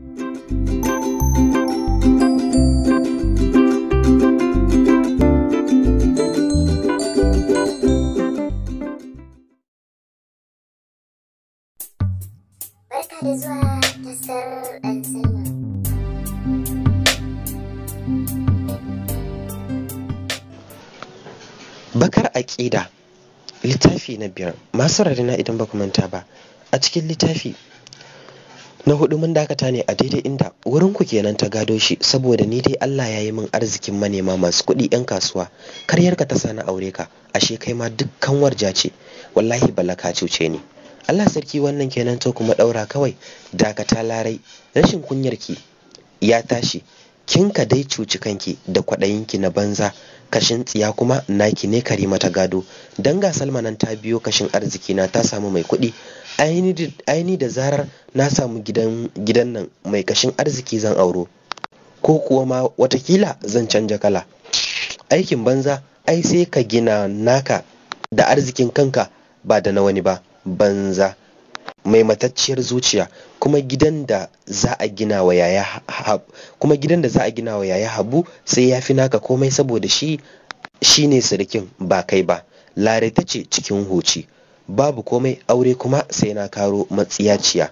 Barka Bakar aƙida littafi na biyar masu na idan ba ku manta ba a cikin littafi na hudu mun dakata ne a daidai inda wurin ku kenan ta gado shi saboda ni dai Allah ya yi min arzikin manema masu kuɗi yan kasuwa karyarka ta sani aure ka ashe kai ma dukkan warja ce wallahi balaka cuce ni Allah sarki wannan kenan to kuma daura kawai dakata larai rashin kunyarki ya tashi kin ka dai cuci kanki da kwaɗayinki na banza kashin tsiya kuma naki ne karima ta gado don ga salma nan ta biyo kashin arziki na ta samu mai kuɗi aini da zarar na samu gidan nan mai kashin arziki zan auro ko kuwa ma watakila zan canja kala aikin banza ai sai ka gina naka da arzikin kanka ba da na wani ba banza mai matacciyar zuciya kuma gidan da za a gina wa yaya habu sai ya fi naka komai saboda shi shi ne sirikin ba kai ba lare ta ce cikin huci babu komai aure kuma sai na karo matsiyaciya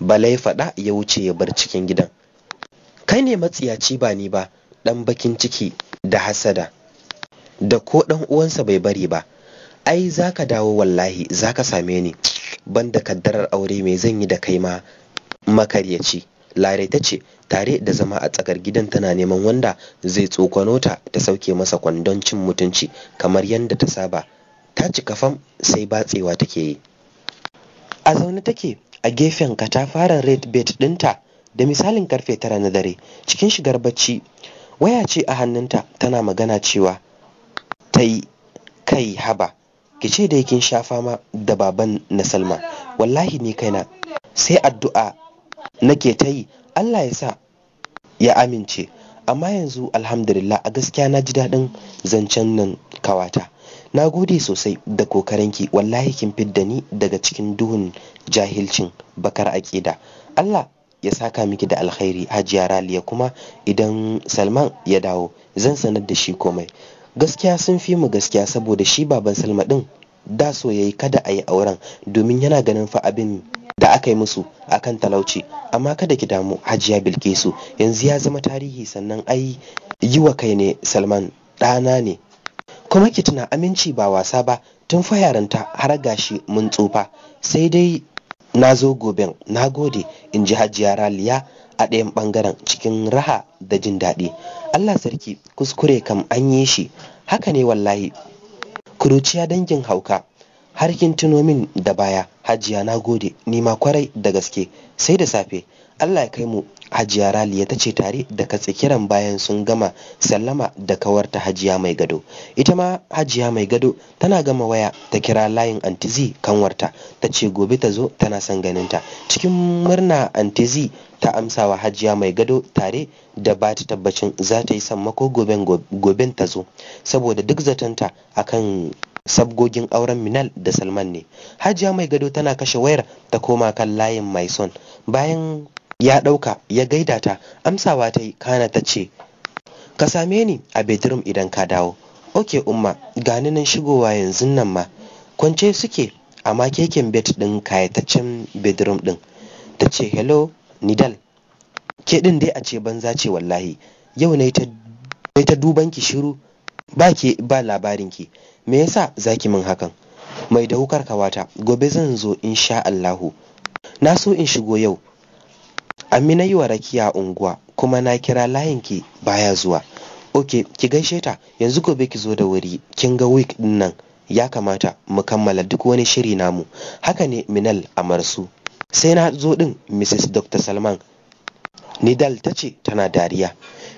balai faɗa ya wuce ya bar cikin gidan kai ne matsiyaci ba ni ba ɗan bakin ciki da hasada da ko ɗan uwansa bai bari ba ai za ka dawo wallahi za ka same ni banda kaddarar aure mai zan yi da kai ma makaryaci lare ta ce tare da zama a tsakar gidan tana neman wanda zai tsokano ta ta sauke masa kwandon cin mutunci kamar yadda ta saba ta ci fam sai batsewa take yi a zaune take a gefen katafaren red bed dinta da misalin karfe tara na dare cikin shigar bacci waya ce a hannunta tana magana cewa ta yi kai haba ki ce dai kin sha fama da baban na Salma wallahi ni kaina sai addu'a nake ta yi Allah ya sa ya amince amma yanzu alhamdulillah a gaskiya na ji daɗin zancen nan kawata na gode sosai da kokarinki wallahi kin fidda ni daga cikin duhun jahilcin bakar aƙida Allah ya saka miki da alkhairi hajiya raliya kuma idan salman ya dawo zan sanar da shi komai gaskiya sun fi mu gaskiya saboda shi baban salma din da so yayi kada a yi auren domin yana ganin fa abin da aka yi musu akan talauci amma kada ki damu hajiya bilkisu yanzu ya zama tarihi sannan ai yi wa kai ne salman ɗana ne kuma ki tuna aminci ba wasa ba tun fa yaranta har gashi mun tsufa sai dai na zo gobe na gode in ji hajiya raliya a ɗayan ɓangaren cikin raha da jin daɗi allah sarki kuskure kam an yi shi haka ne wallahi kuruciya dangin hauka harkin kin tuno min da baya hajiya na gode nima kwarai da gaske sai da safe Allah ya kai mu Hajiya Raliya ta ce tare da katse kiran bayan sun gama sallama da kawarta Hajiya Mai Gado. Ita ma Hajiya Mai Gado tana gama waya ta kira layin Antizi kanwarta ta ce gobe ta zo tana son ganinta. Cikin murna Antizi ta amsa wa Hajiya Mai Gado tare da ba ta tabbacin za ta yi sammako goben goben ta zo saboda duk zatonta akan sabgogin auren Minal da Salman ne. Hajiya Mai Gado tana kashe wayar ta koma kan layin mai son bayan ya ɗauka ya gaida ta amsawa ta yi kana ta ce ka same ni a bedroom idan ka dawo ok umma gani nan shigowa yanzu nan ma kwance suke amma keken bet ɗin kayataccen bedroom ɗin ta ce hello nidal ke ɗin dai a ce banza ce wallahi yau na ta duban ki shiru ba ke ba labarin ki me yasa ki min hakan mai da wukar kawata gobe zan zo insha Allahu na so in shigo yau Ammi na yi wa rakiya a unguwa kuma na kira layinki baya zuwa. Ok, ki gaishe ta yanzu gobe ki zo da wuri kin ga week ɗin nan ya kamata mu kammala duk wani shiri namu. Haka ne Minal Amarsu. Sai na zo din, Mrs. Dr. Salman. Nidal ta ce tana dariya.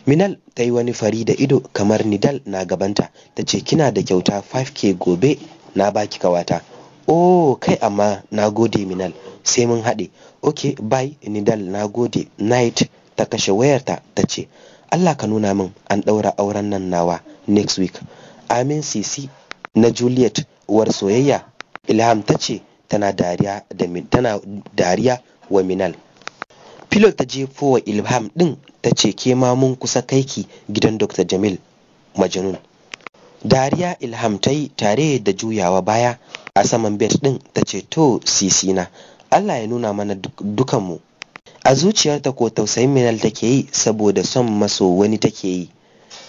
Minal ta yi wani fari da ido kamar Nidal na gabanta ta ce kina da kyauta 5k gobe na baki kawata. Oh, kai amma na gode Minal. sai mun haɗe ok bye nidal na gode night ta kashe wayarta ta ce allah ka nuna min an ɗaura auren nan nawa next week amin sisi na juliet uwar soyayya ilham ta ce tana dariya wa minal pilot ta jefo wa ilham ɗin ta ce ke ma mun kusa kaiki gidan dr jamil majanun dariya ilham ta yi tare da juyawa baya a saman bet ɗin ta ce to sisina Allah ya nuna mana dukanmu a zuciyarta ko tausayin minal take yi saboda son maso wani take yi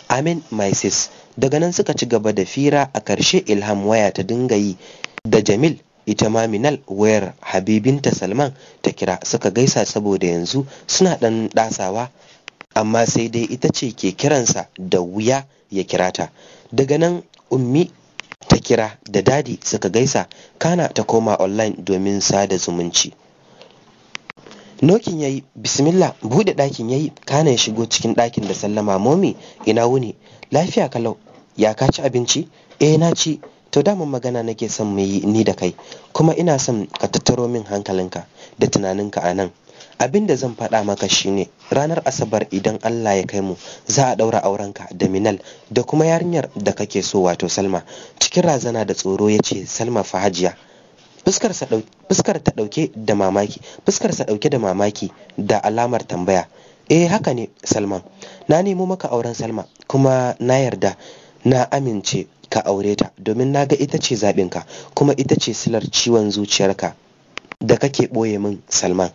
amin Maisis daga nan suka ci gaba da fira a karshe ilham waya ta dinga yi da jamil ita ma minal wayar habibinta salman ta kira suka gaisa saboda yanzu suna ɗan dasawa amma sai dai ita ce ke kiransa da wuya ya kira ta daga nan ummi ta kira da dadi suka gaisa kana ta koma online domin sada zumunci nokin yayi bismillah bude ɗakin yayi kana ya shigo cikin ɗakin da sallama momi ina wuni lafiya kalau ya ka ci abinci eh na ci to damun magana nake son mu yi ni da kai kuma ina son ka tattaro min hankalinka da tunaninka a nan abin da zan faɗa maka shine ranar asabar idan Allah ya kai mu za a ɗaura aurenka da minal da kuma yarinyar da kake so wato salma cikin razana da tsoro ya ce salma fahajiya fuskar ta ɗauke da mamaki fuskar sa ɗauke da mamaki da alamar tambaya eh haka ne salma, na nemo maka auren salma kuma na yarda na amince ka aure ta domin na ga ita ce zaɓinka kuma ita ce silar ciwon zuciyarka da kake ɓoye min salman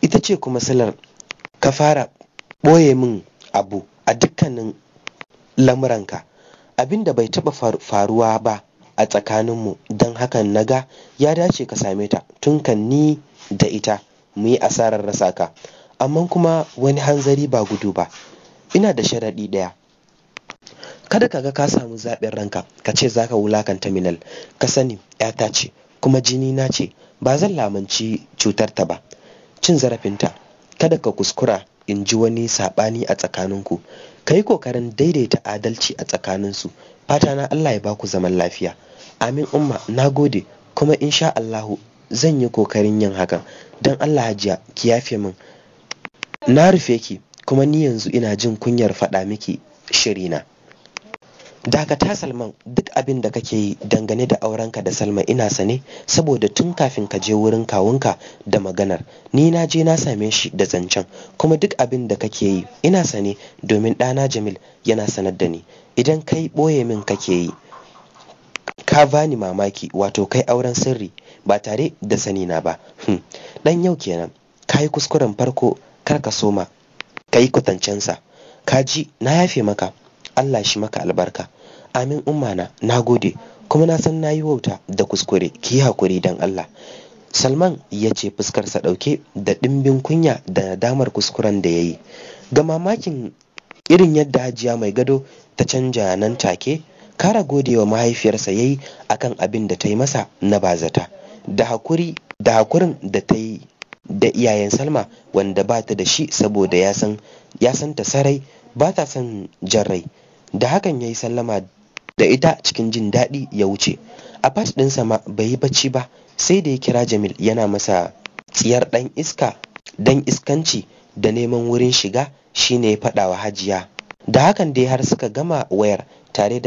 ita ce kuma silar ka fara ɓoye min abu a dukkanin lamuranka abin da bai taɓa faruwa ba a tsakaninmu don hakan na ga, ya dace ka same ta tun kan ni da ita mu yi asarar rasa ka amma kuma wani hanzari ba gudu ba ina da sharaɗi ɗaya kada ka ga ka samu zaɓin ranka ka ce za ka wulakanta minal ka sani 'yata ce kuma jini na ce ba zan lamunci cutarta ba cin zarafinta kada ka kuskura in ji wani saɓani a tsakaninku ka yi ƙoƙarin daidaita adalci a tsakaninsu fata na allah ya baku zaman lafiya amin umma na gode kuma insha allahu zan yi ƙoƙarin yin hakan don allah hajiya ki yafe min na rufe ki kuma ni yanzu ina jin kunyar faɗa miki shirina Dakata Salman duk abin da kake yi dangane da aurenka da Salma ina sane saboda tun kafin ka je wurin kawunka da maganar ni na je na same shi da zancen kuma duk abin da kake yi ina sane domin ɗana Jamil yana sanar da ni idan kai ɓoye min kake yi ka bani mamaki wato kai auren sirri ba tare da sani na ba dan hmm. yau kenan ka yi kuskuren farko kar ka soma ka yi kwatancensa ka ji na yafe maka Allah shi maka albarka amin na gode. kuma na san nayi wauta da kuskure ki yi hakuri dan Allah Salman ya ce fuskarsa ɗauke da ɗimbin kunya da nadamar kuskuren da ya yi ga mamakin irin yadda hajiya mai gado ta canja nan take kara wa mahaifiyarsa ya yi akan abin da ta yi masa na bazata da hakuri da hakurin da ta yi da iyayen salma wanda ba ta da shi saboda ya san ta sarai ba ta son jarrai. da hakan ya yi sallama da ita cikin jin daɗi ya wuce a fas ɗin sama bai yi bacci ba sai da ya kira jamil yana masa tsiyar ɗan iska dan iskanci da neman wurin shiga shine ya faɗa wa hajiya da hakan dai har suka gama wayar tare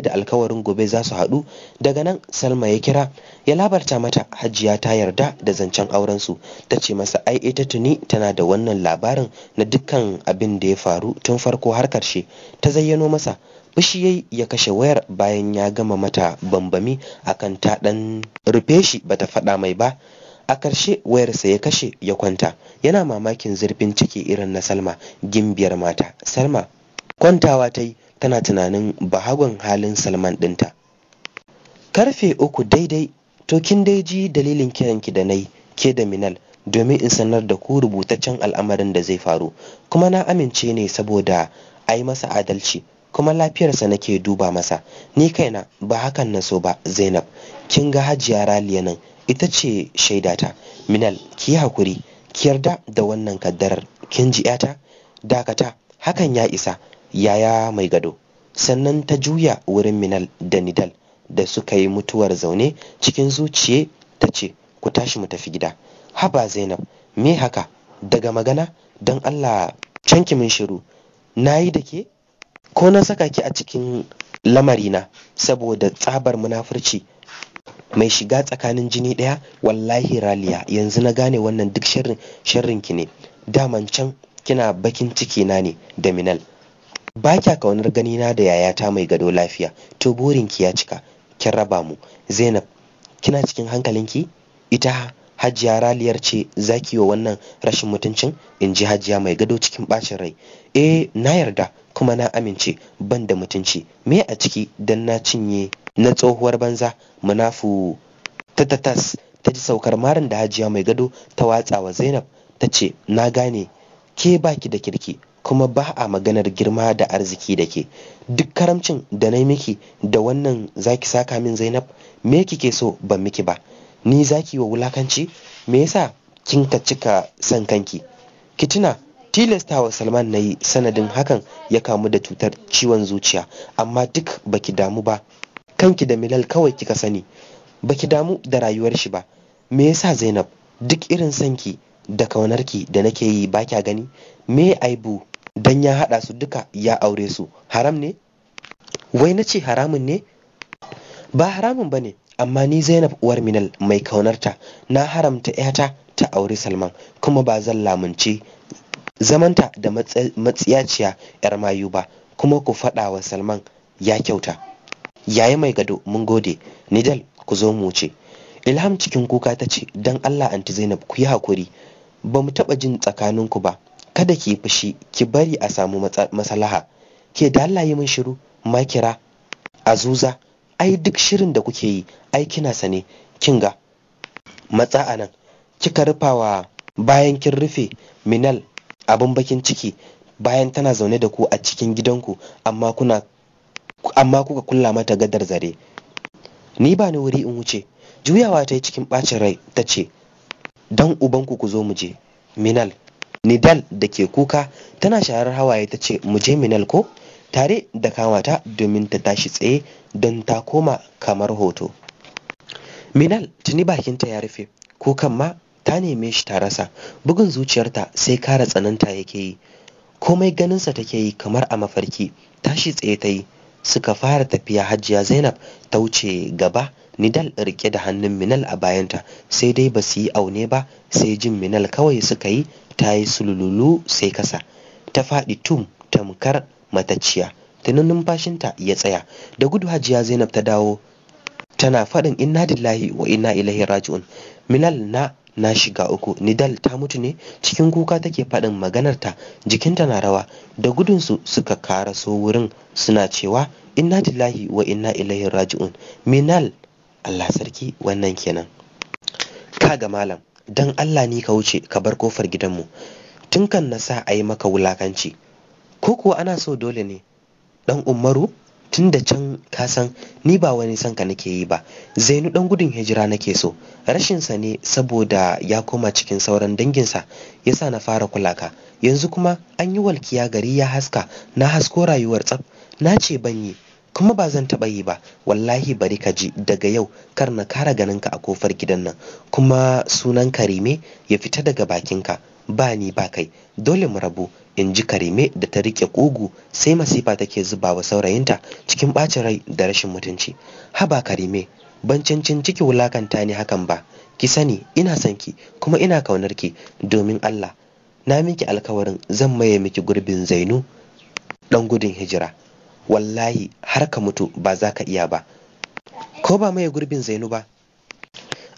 da alkawarin gobe za su haɗu daga nan salma ya kira ya labarta mata hajiya ta yarda da zancen aurensu ta ce masa ai ita tuni tana da wannan labarin na dukkan abin da ya faru tun farko har karshe ta zayyano masa bishi yayi ya kashe wayar bayan ya gama mata bambami akan ta ɗan rufe shi bata faɗa mai ba a ƙarshe wayarsa ya kashe ya kwanta yana mamakin zurfin ciki irin na salma gimbiyar mata salma kwantawa ta yi tana tunanin bahagon halin salman ɗinta karfe uku daidai to kin dai ji dalilin kiran ki da na ke da minal domin in sanar da ku rubutaccen al'amarin da zai faru kuma na amince ne saboda a yi masa adalci kuma lafiyarsa nake duba masa ni kaina ba hakan na so ba zainab kin ga hajiya raliya nan ita ce shaidata minal ki hakuri ki yarda da wannan kaddarar kin ji yata dakata hakan ya isa yaya mai gado sannan ta juya wurin minal da nidal da suka yi mutuwar zaune cikin zuciye ta ce ku tashi mu tafi gida haba zainab me haka daga magana don allah canki min shiru na yi da ke ko na saka ki a cikin lamarina saboda tsabar munafurci mai shiga tsakanin jini ɗaya wallahi raliya yanzu na gane wannan duk sharrin ki ne daman can kina bakin ciki na ne da minal Ba kya ƙaunar ganina da yayata mai gado lafiya, to burinki ya cika, kin raba mu. Zainab, kina cikin hankalinki? Ita Hajiya Raliyar ce za ki yi wa wannan rashin mutuncin? In ji Hajiya mai gado cikin bacin rai. Eh, na yarda kuma na amince ban da mutunci. Me a ciki don na cinye na tsohuwar banza munafu tatatas ta ji saukar marin da Hajiya mai gado ta watsa wa Zainab ta ce na gane ke baki da kirki kuma ba a maganar girma da arziki da ke duk karamcin da na miki da wannan zaki saka min zainab me kike so ban miki ba ni zaki wa wulakanci me yasa kin ka cika san kanki Kitina, tuna tilastawa salman na yi sanadin hakan ya kamu da cutar ciwon zuciya amma duk baki damu ba kanki da milal kawai kika sani baki damu da rayuwar shi ba me yasa zainab duk irin sanki da kaunarki da nake yi ba kya gani me aibu dan ya haɗa su duka ya aure su haram ne wai na ce haramun ne ba haramun ba ne amma ni zainab uwar minal mai kaunarta na haramta 'yata ta aure salman kuma ba zan lamunce zamanta da matsiyaciya 'yar mayu ba kuma ku faɗawa wa salman ya kyauta yayi mai gado mun gode nidal ku zo mu ce ilham cikin kuka ta ce don allah anti zainab ku yi hakuri ba mu taɓa jin tsakaninku ba kada ki fushi ki bari a samu masalaha ke da Allah yi min shiru makira azuza ai duk shirin da kuke yi ai kina sane kin ga matsa anan kika rufawa bayan kin rufe minal abin bakin ciki bayan tana zaune da ku a cikin gidanku amma kuna amma kuka kulla mata gadar zare ni ba ni wuri in wuce juyawa ta yi cikin bacin rai ta ce dan ubanku ku zo mu je minal Nidal da ke kuka tana sharar hawaye ta ce mu je Minal ko tare da kamata domin ta tashi tsaye don ta koma kamar hoto. Minal tuni bakinta ya rufe kukan ma ta neme shi ta rasa bugun zuciyarta sai kara tsananta yake yi komai ganinsa take yi kamar a mafarki tashi tsaye ta yi suka fara tafiya hajiya zainab ta wuce gaba nidal rike da hannun minal a bayanta sai dai ba su yi aune ba sai jin minal kawai suka yi ta yi sululu sai kasa ta faɗi tum tamkar mataciya. tunan numfashinta ya tsaya da gudu hajiya zainab ta dawo tana faɗin inna lillahi wa inna ilaihi raji'un Minal na na shiga uku nidal ta mutu ne cikin kuka take faɗin ta jikinta na rawa da gudunsu suka so wurin suna cewa inna lillahi wa inna ilaihi raji'un minal allah sarki wannan kenan Ka ga malam don Allah ni ka wuce ka bar kofar gidanmu tun kan na sa a yi maka wulakanci ko kuwa ana so dole ne dan umaru tun da can ka san ni ba wani san ka nake yi ba zainu dan gudun hijira nake so rashinsa ne saboda ya koma cikin sauran danginsa ya sa na fara kulaka yanzu kuma an yi walkiya gari ya haska na hasko rayuwar tsaf na ce ban yi kuma ba zan taɓa yi ba wallahi bari ka ji daga yau kar na kara ka a kofar gidan nan kuma sunan karime ya fita daga bakinka ba ni ba kai dole mu rabu in ji karime da ta rike ƙugu sai masifa take zuba wa saurayinta cikin ɓacin rai da rashin mutunci haba karime ban cancin ciki wulakanta ni hakan ba ki sani ina son ki kuma ina kaunar ki domin Allah na miki alkawarin zan maye miki gurbin Zainu dan gudun hijira wallahi har ka mutu ba za ka iya ba ko ba mai gurbin zainu ba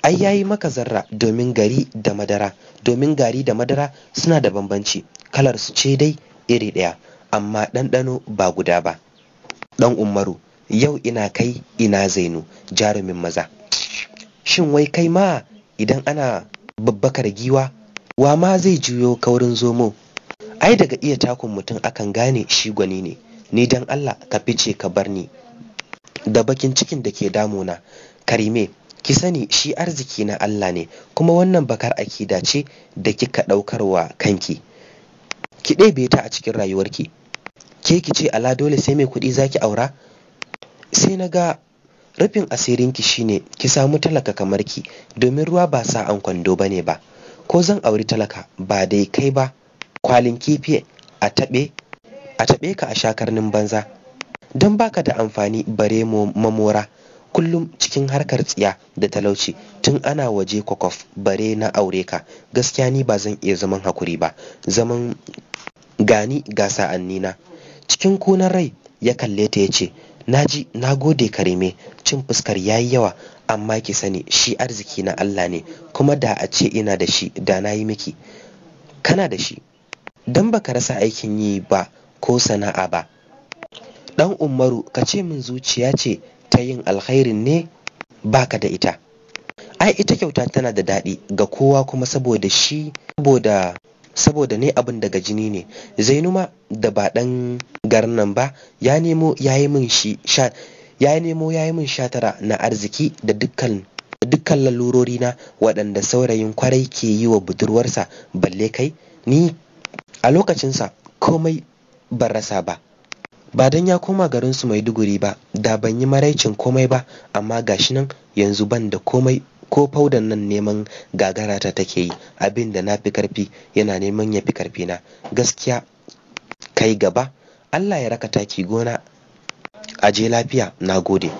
ai yayi maka zarra domin gari da madara domin gari da madara suna da bambanci kalar su ce dai iri ɗaya amma ɗanɗano ba guda ba ɗan umaru yau ina kai ina zainu jarumin maza shin wai kai ma idan ana babbakar giwa wa ma zai juyo kaurin zomo ai daga iya takun mutum akan gane shi gwani ne ni dan Allah ka fice ka bar ni da bakin cikin da ke na, karime ki sani shi arziki na Allah ne kuma wannan bakar akida ce da kika ɗaukarwa kanki ki ɗebe ta a cikin rayuwarki ke ki ce ala dole sai mai kuɗi zaki aura sai na ga rufin asirinki shine ki samu talaka kamar ki domin ruwa ba sa an kwando bane ba ko zan auri talaka ba dai kai ba kwalin kifi a taɓe a taɓe ka a shakarnin banza don baka da amfani bare mamora kullum cikin harkar tsiya da talauci tun ana waje kwakwaf bare na aure ka gaskiya ni ba zan iya zaman hakuri ba zaman gani ga sa'annina cikin kunan rai ya kalle ta ya ce naji na gode karime cin fuskar ya yi yawa amma ki sani shi arziki na Allah ne kuma da a ce ina da shi da na yi miki kana da shi dan baka rasa aikin yi ba ko sana'a ba ɗan umaru ka ce min zuciya ce ta yin alkhairin ne baka da ita ai ita kyauta tana da daɗi ga kowa kuma saboda shi saboda saboda ne abin daga jini ne zainuma da ba ɗan garin nan ba ya nemo ya yi min shi ya nemo ya min shatara na arziki da dukkan dukkan lalurori na waɗanda saurayin kwarai ke yi wa budurwarsa balle kai ni a lokacinsa komai ban rasa ba ba don ya koma garinsu mai duguri ba da ban yi maraicin komai ba amma gashi nan yanzu ban da komai ko faudan nan neman gagara ta take yi abin da na fi karfi yana neman ya fi karfi na gaskiya kai gaba Allah ya raka taki gona aje lafiya na gode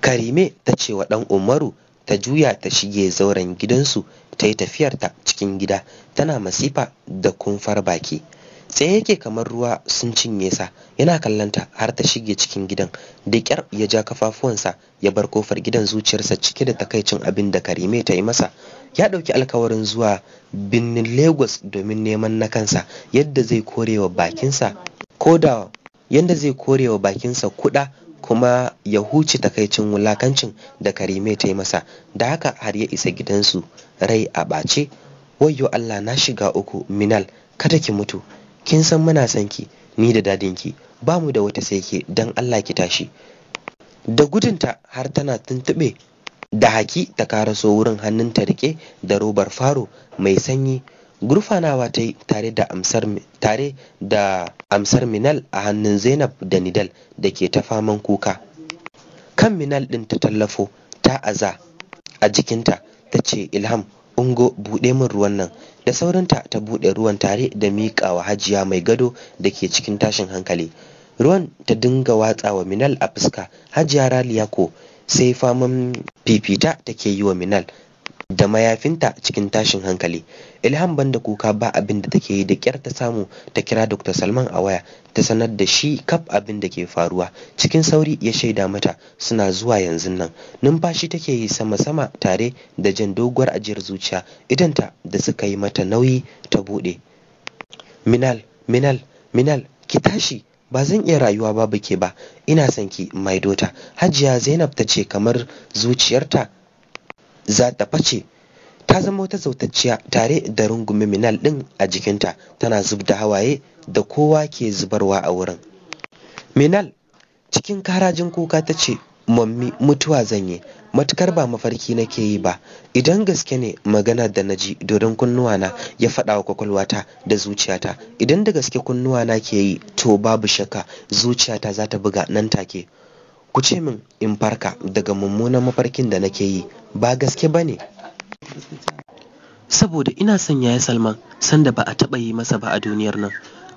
karime ta ce wa dan umaru ta juya ta shige zauren gidansu ta yi tafiyarta cikin gida tana masifa da kumfar baki sai yake kamar ruwa sun cinye sa yana kallanta har ta shige cikin gidan da kyar ya ja kafafuwansa ya bar kofar gidan zuciyarsa cike da takaicin abin da karime ta yi masa ya ɗauki alkawarin zuwa birnin lagos domin neman na kansa yadda zai korewa bakinsa koda yadda zai korewa bakinsa kuɗa kuma ya huce takaicin wulakancin da karime ta yi masa da haka har ya isa gidansu rai a ɓace wayyo allah na shiga uku minal kada ki mutu kin san muna son ki ni da dadin ki, ba mu da wata sai ke dan Allah ki tashi da gudunta har tana tuntuɓe da haki ta karaso wurin hannun ta rike da robar faro mai sanyi gurfanawa ta yi tare da amsar tare da amsar minal a hannun zainab da nidal da ke ta faman kuka kan minal ɗin ta tallafo ta aza a jikinta ta ce ilham Ungo buɗe min ruwan nan. Da saurinta ta buɗe ruwan tare da miƙawa hajiya mai gado da ke cikin tashin hankali. Ruwan ta dinga watsa wa Minal a fuska. Hajiya Raliya ko sai faman fifita take yi wa Minal da mayafinta cikin tashin hankali. ilham da kuka ba abin da take yi da kyar ta samu ta kira dr salman a waya ta sanar da shi kaf abin da ke faruwa cikin sauri ya shaida mata suna zuwa yanzu nan numfashi take yi sama-sama tare da jan doguwar ajiyar zuciya idanta da suka yi mata nauyi ta buɗe minal minal minal ki tashi ba zan iya rayuwa babu ke ba ina son ki mai hajiya zainab ta ce kamar zuciyarta za ta face ta zama wata zautacciya tare da rungumi minal ɗin a jikinta tana zub da hawaye da kowa ke zubarwa a wurin minal cikin karajin kuka ta ce mammi mutuwa zan yi matukar ba mafarki nake yi ba idan gaske ne maganar da na ji naji kunnuwa na ya faɗa wa kwakwalwata da zuciyata idan da gaske kunnuwa na ke yi to babu shaka zuciyata za ta buga nan take ku ce min in farka daga mummunan mafarkin da nake yi ba gaske ba ne Saboda ina son Yaya Salman sanda ba a taɓa yi masa ba a duniyar nan,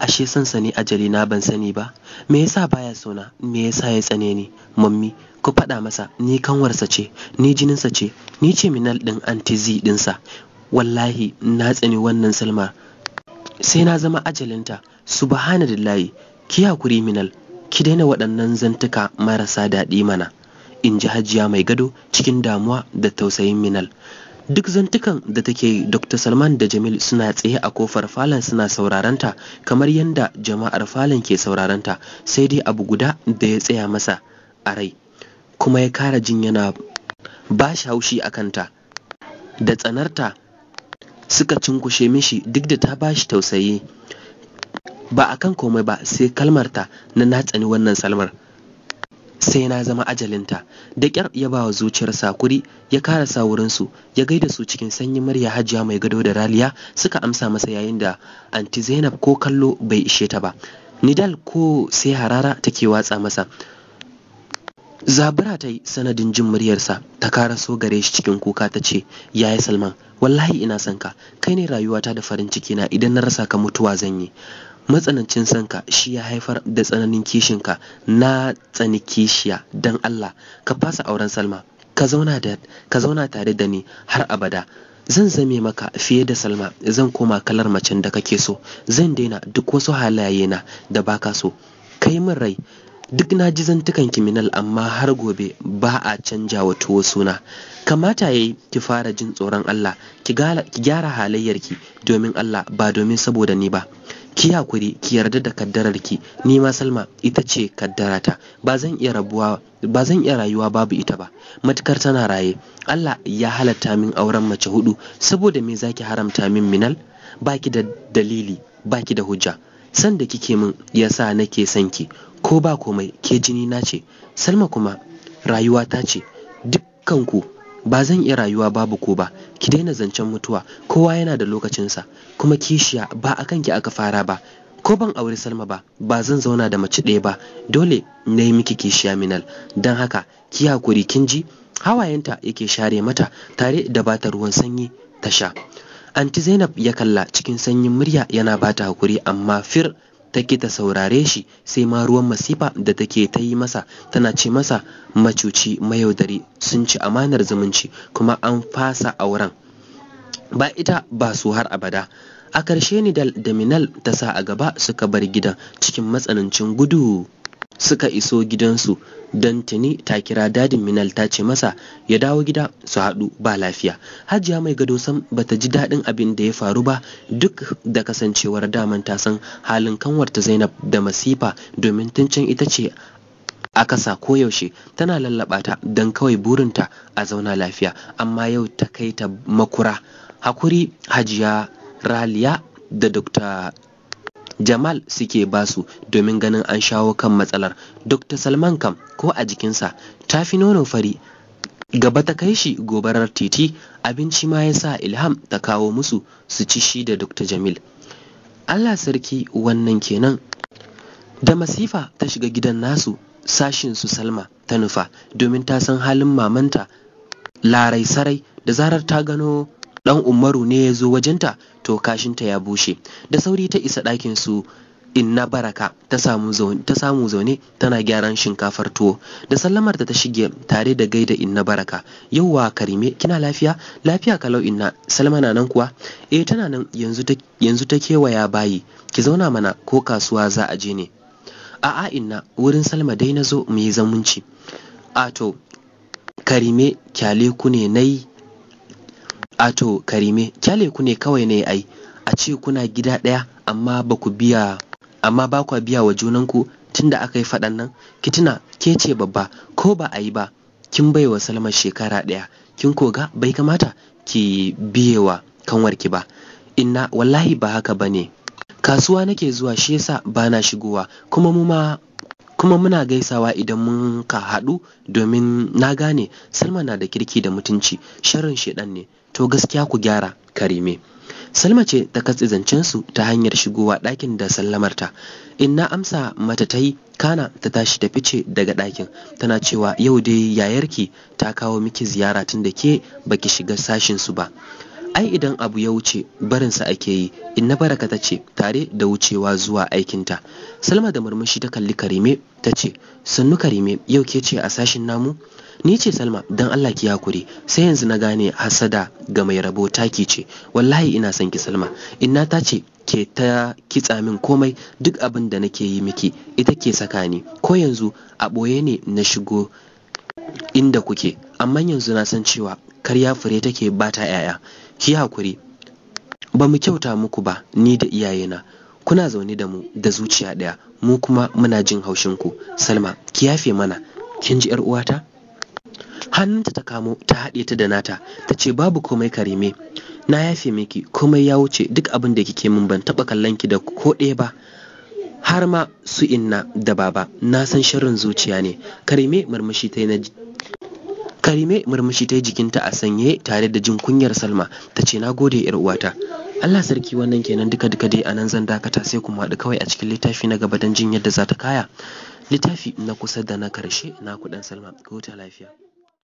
ashe sonsa ne ajali na ban sani ba, me yasa baya sona, me yasa ya tsane ni, Mummy ku faɗa masa ni kanwarsa ce, ni jininsa ce, ni ce Minal ɗin antizi Z ɗinsa, wallahi na tsani wannan Salma sai na zama ajalinta, subhanallahi, ki hakuri Minal, ki daina waɗannan zantuka marasa daɗi mana. in ji hajiya mai gado cikin damuwa da tausayin Minal. duk zantukan da take dr salman da jamil suna tsaye a kofar falon suna sauraranta kamar yadda jama'ar falon ke sauraranta sai dai abu guda da ya tsaya masa a rai kuma ya kara jin yana ba haushi a kanta da tsanarta suka cinkushe mishi duk da ta ba shi tausayi ba a kan komai ba sai kalmarta na natsani wannan salmar sai na zama ajalinta da ƙyar ya ba wa zuciyarsa sakuri ya karasa wurinsu ya gaida su cikin sanyin murya hajiya mai gado da raliya suka amsa masa yayin da anti zainab ko kallo bai ishe ta ba nidal ko sai harara take watsa masa zabura ta yi sanadin jin muryarsa ta karaso gare shi cikin kuka ta ce Yayi salman wallahi ina son ka kai ne rayuwata da farin ciki na idan na rasa ka mutuwa zan yi Matsanancin sanka shi ya haifar da tsananin kishinka, na tsani kishiya, don Allah, ka fasa auren Salma, ka zauna tare da ni har abada. Zan zame maka fiye da Salma, zan koma kalar macen da kake so, zan daina duk wasu halaye na da baka so. Ka yi min rai, duk na ji zantukan kiminal amma har gobe ba a canja wa tuwo suna kamata ya yi ki fara jin tsoron Allah ki gyara halayyarki domin Allah ba domin saboda ni ba ki hakuri ki yarda da kaddarar ki ni ma Salma ita ce kaddarata ba zan iya rabuwa ba iya rayuwa babu ita ba matukar tana raye Allah ya halatta min auren mace hudu saboda me zaki haramta min minal baki da dalili baki da hujja san da kike min yasa nake son ki ko ba komai ke jini na ce Salma kuma rayuwa ta ce ku ba zan iya rayuwa babu ko ba ki daina zancen mutuwa kowa yana da lokacinsa kuma kishiya ba a kanki aka fara ba ko ban auri salma ba ba zan zauna da mace ɗaya ba dole na yi miki kishiya minal don haka ki hakuri kin ji hawayenta yake share mata tare da bata ruwan sanyi ta sha anti zainab ya kalla cikin sanyin murya yana bata hakuri amma fir take ta saurare shi sai ma ruwan masifa da take ta yi masa tana ce masa macuci mayaudari sun ci amanar zumunci kuma an fasa auren ba ita ba su har abada a ƙarshe ni da minal ta sa a gaba suka bar gidan cikin matsanancin gudu Suka iso gidansu don tuni ta kira dadin Minal ta ce masa ya dawo gida su haɗu ba lafiya. Hajiya mai gado sam bata ji daɗin abin da ya faru ba duk da kasancewar daman ta san halin kanwarta Zainab da masifa domin tun can ita ce a kasa koyaushe tana lallaɓata ta don kawai burinta a zauna lafiya amma yau ta kai ta makura. Hakuri Hajiya Raliya da Dr. Jamal suke basu domin ganin an shawo kan matsalar. Dr. Salman kam ko a jikinsa ta fi nono fari gaba ta kai shi gobarar titi abinci ma ya sa Ilham ta kawo musu su ci shi da Dr. Jamil. Allah sarki wannan kenan. Da masifa ta shiga gidan nasu sashin su Salma ta nufa domin ta san halin mamanta larai sarai da zarar ta gano ɗan Umaru ne ya zo wajenta to kashinta ya bushe. Da sauri ta isa ɗakin su inna baraka ta samu zaune tana gyaran shinkafar tuwo da sallamar ta shige tare da gaida inna baraka yauwa karime kina lafiya lafiya kalau inna salma na nan kuwa eh tana nan yanzu ta kewaya bayi ki zauna mana ko kasuwa za a je ne a'a inna wurin salma dai na zo mu yi zamunci a to karime kyale ku ne nayi ato karime kyale ku ne kawai ne ai a ce kuna gida ɗaya amma ba ku biya amma ba ku biya wa junanku tunda aka yi faɗan nan kitina ke ce babba ko ba a yi ba kin baiwa salma shekara ɗaya kin koga bai kamata ki biyewa kanwarki ba inna wallahi ba haka ba ne kasuwa nake zuwa shi yasa ba na shigowa kuma mu ma kuma muna gaisawa idan mun ka haɗu domin na gane salma na da kirki da mutunci sharrin shedan ne to gaskiya ku gyara karime Salma ce ta katse zancen su ta hanyar shigowa ɗakin da sallamarta. na amsa mata ta yi kana ta tashi ta fice daga ɗakin tana cewa yau dai yayarki ta kawo miki ziyara tun da ke baki shiga sashin su ba. Ai idan abu ya wuce barinsa ake yi inna baraka ta ce tare da wucewa zuwa aikinta. Salma da murmushi ta kalli Karime ta ce sannu Karime yau ke ce a sashin namu? ni ce salma don allah ki hakuri sai yanzu na gane hasada ga mai rabo taki ce wallahi ina son ki salma inna ta ce ke ta kitsa min komai duk abin da nake yi miki ita ke saka ni ko yanzu a ɓoye ne na shigo inda kuke amma yanzu na san cewa karya fure take bata yaya ki hakuri ba mu kyauta muku ba ni da iyayena kuna zaune da mu da zuciya ɗaya mu kuma muna jin haushinku, salma ki yafe mana kin ji yar uwata hannunta ta kamo ta haɗe ta da nata ta ce babu komai karime na yafe miki komai ya wuce duk abin da kike min ban taɓa kallon ki da ko ɗaya ba har ma su inna da baba na san shirin zuciya ne karime murmushi ta na ta jikinta a sanye tare da jin kunyar salma ta ce na gode yar uwata Allah sarki wannan kenan duka duka dai anan zan dakata sai kuma haɗu kawai a cikin littafi na gaba don jin yadda za ta kaya littafi na kusa da na karshe na kuɗin salma ko ta lafiya